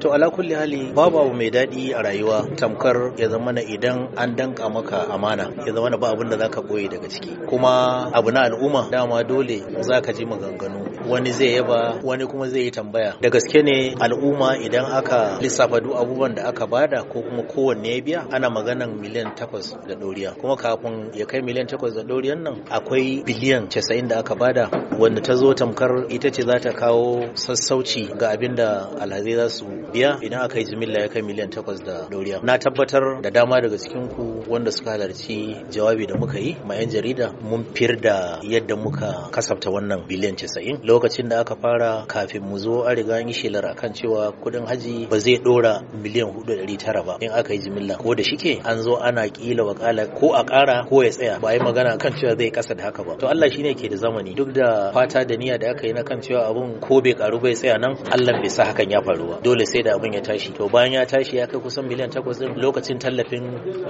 to ala kulli hali babu abu mai daɗi a rayuwa tamkar ya zama na idan an danka maka amana ya zama na ba abin da zaka koyi daga ciki kuma abu na al'umma dama dole zaka ji maganganu wani zai yaba wani kuma zai yi tambaya da gaske ne al'umma idan aka lissafa duk abubuwan da aka bada ko kuma kowanne ya biya ana maganan miliyan takwas da ɗoriya kuma kafin ya kai miliyan takwas da ɗoriyan nan akwai biliyan casa'in da aka bada wanda ta zo tamkar ita ce za ta kawo sassauci ga abin da alhazai za su biya idan aka yi jimilla ya kai miliyan takwas da doriya na tabbatar da dama daga cikin ku wanda suka halarci jawabi da muka yi ma 'yan jarida mun fir da yadda muka kasafta wannan biliyan casa'in lokacin da aka fara kafin mu zo an riga yi shelar akan cewa kudin haji ba zai dora miliyan hudu da tara ba in aka yi jimilla ko da shike an zo ana kila wakala ko a kara ko ya tsaya ba yi magana kan cewa zai kasa da haka ba to Allah shine ke da zamani duk da fata da niyya da aka yi na kan cewa abun ko bai karu bai tsaya nan Allah bai sa hakan ya faru ba dole sai sai da abin ya tashi to bayan ya tashi ya kai kusan miliyan takwas din lokacin tallafin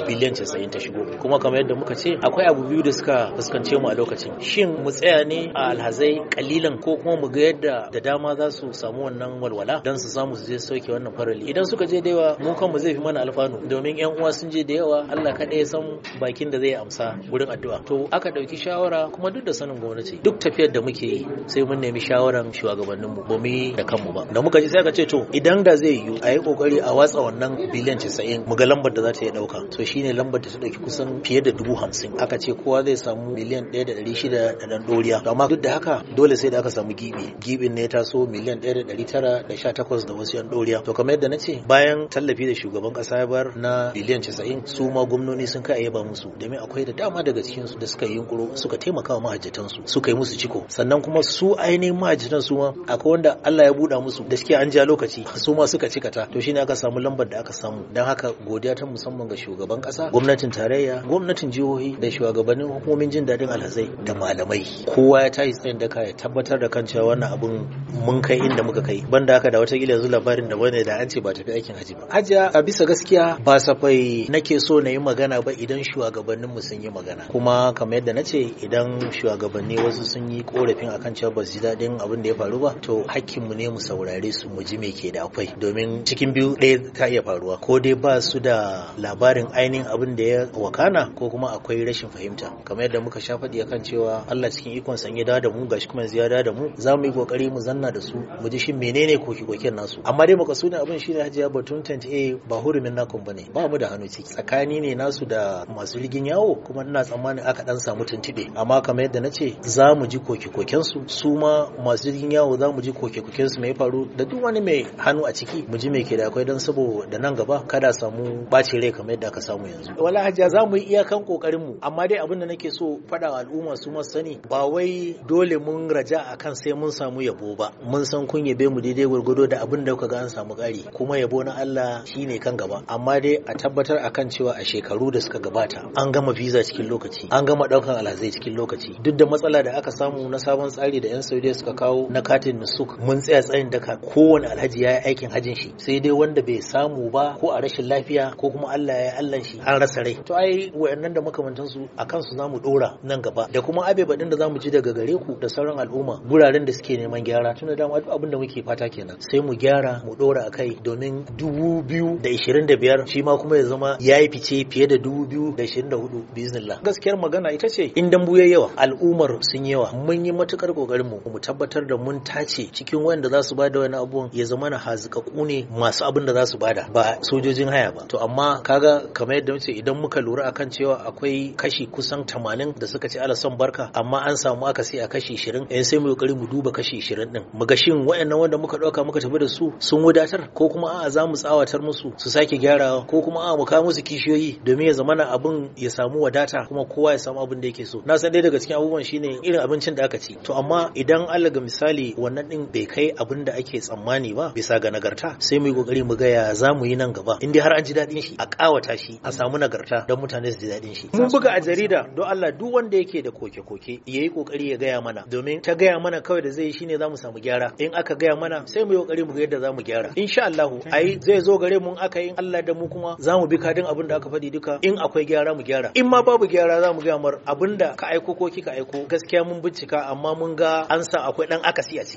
biliyan casa'in ta shigo kuma kamar yadda muka ce akwai abu biyu da suka fuskance mu a lokacin shin mu tsaya ne a alhazai kalilan ko kuma mu ga yadda da dama za su samu wannan walwala don su samu su je sauke wannan farali idan suka je da yawa mu kanmu zai fi mana alfanu domin yan uwa sun je da yawa Allah kaɗai ya san bakin da zai amsa gurin addu'a to aka ɗauki shawara kuma duk da sanin gwamnati duk tafiyar da muke yi sai mun nemi shawaran shugabanninmu ba mu yi da kanmu ba da muka ji sai aka ce to idan da zai yiwu a yi kokari a watsa wannan biliyan casa'in mu ga lambar da za ta iya dauka to shine lambar da ta dauki kusan fiye da dubu hamsin aka ce kowa zai samu miliyan ɗaya da ɗari shida da ɗan ɗoriya amma duk da haka dole sai da aka samu gibi gibin ne ta so miliyan ɗaya da ɗari tara da sha takwas da wasu yan ɗoriya to kamar yadda na ce bayan tallafi da shugaban ƙasa ya na biliyan casa'in su ma gwamnoni sun kai a yaba musu domin akwai da dama daga cikin su da suka yi yunkuro suka taimaka wa mahajjatan su suka yi musu ciko sannan kuma su ainihin mahajjatan su ma akwai wanda Allah ya buɗa musu da suke an ja lokaci su ma suka cika ta to shine aka samu lambar da aka samu dan haka godiya ta musamman ga shugaban kasa gwamnatin tarayya gwamnatin jihohi da shugabannin hukumomin jin dadin alhazai da malamai kowa ya tashi tsayin daka ya tabbatar da kan cewa wannan abun mun kai inda muka kai banda haka da watakila yanzu labarin da bane da an ce ba tafi aikin haji ba haja a bisa gaskiya ba safai nake so na yi magana ba idan shugabannin mu sun yi magana kuma kamar yadda na ce idan shugabanni wasu sun yi korafin akan cewa ba su ji daɗin abin da ya faru ba to hakkinmu ne mu saurare su mu ji me ke da akwai domin cikin biyu ɗaya ka iya faruwa ko dai ba su da labarin ainihin abin da ya wakana ko kuma akwai rashin fahimta kamar yadda muka sha faɗi akan cewa Allah cikin ikon san ya da mu gashi kuma ya da mu za mu yi kokari mu zanna da su mu ji shin menene koki koken nasu amma dai sune abin shine hajiya batun 28 eh, ba hurumin ba bane ba mu da hannu ciki tsakani ne nasu da masu rigin yawo kuma ina tsammanin aka dan samu tuntube amma kamar yadda na ce za mu ji koke kokensu su ma masu rigin yawo za mu ji koke kokensu su mai faru da duk wani mai hannu a ciki ciki mu ji me ke da akwai don saboda nan gaba kada samu Bace rai kamar yadda aka samu yanzu wala hajiya za mu yi iyakan kokarin mu amma dai abin da nake so faɗa al'umma su ma sani ba wai dole mun raja akan sai mun samu yabo ba mun san kun yabe mu daidai gwargwado da abin da kuka ga an samu ƙari kuma yabo na Allah shine kan gaba amma dai a tabbatar akan cewa a shekaru da suka gabata an gama visa cikin lokaci an gama ɗaukan alhazai cikin lokaci duk da matsala da aka samu na sabon tsari da 'yan Saudiya suka kawo na katin nusuk mun tsaya tsayin daka kowane alhaji ya yi aikin hajin shi sai dai wanda bai samu ba ko a rashin lafiya ko kuma Allah ya Allah shi an rasa rai to ai wayannan da makamantan su a kansu zamu dora nan gaba da kuma abe badin da za mu ji daga gare ku da sauran al'umma guraren da suke neman gyara tunda da abin da muke fata kenan sai mu gyara mu dora akai domin dubu biyu shi ma kuma ya zama yayi fice fiye da dubu biyu biznillah gaskiyar magana ita ce in dan buye yawa al'ummar sun yawa mun yi matukar kokarin mu mu tabbatar da mun tace cikin wanda za su ba da wani abubuwan ya zama na hazuka tsarkakaku ne masu abin da za su bada ba sojojin haya ba to amma kaga kamar yadda muke idan muka lura akan cewa akwai kashi kusan 80 da suka ci alasan barka amma an samu aka sai a kashi 20 yan eh, sai mu kokari mu duba kashi 20 din mu ga shin wayannan wanda muka dauka muka tafi da su sun wadatar ko kuma a'a za mu tsawatar musu su sake gyarawa ko kuma a'a mu kawo musu kishiyoyi domin ya zamana abin ya samu wadata kuma kowa ya samu abin da yake so na san dai daga cikin abubuwan shine irin abincin da aka ci to amma idan Allah ga misali wannan din bai kai abin da ake tsammani ba bisa ga na nagarta sai mu yi kokari mu ga ya za mu yi nan gaba in dai har an ji dadin shi a kawata shi a samu nagarta don mutane su ji daɗin shi mun buga a jarida don Allah duk wanda yake da koke-koke ya yi kokari ya gaya mana domin ta gaya mana kawai da zai yi shine za mu samu gyara in aka gaya mana sai mu yi kokari mu ga yadda za mu gyara insha Allah ai zai zo gare mu aka yi Allah da mu kuma za mu bi kadin abin da aka faɗi duka in akwai gyara mu gyara in ma babu gyara za mu gaya mar abin da ka aiko ko kika aiko gaskiya mun bincika amma mun ga an sa akwai dan akasi a ciki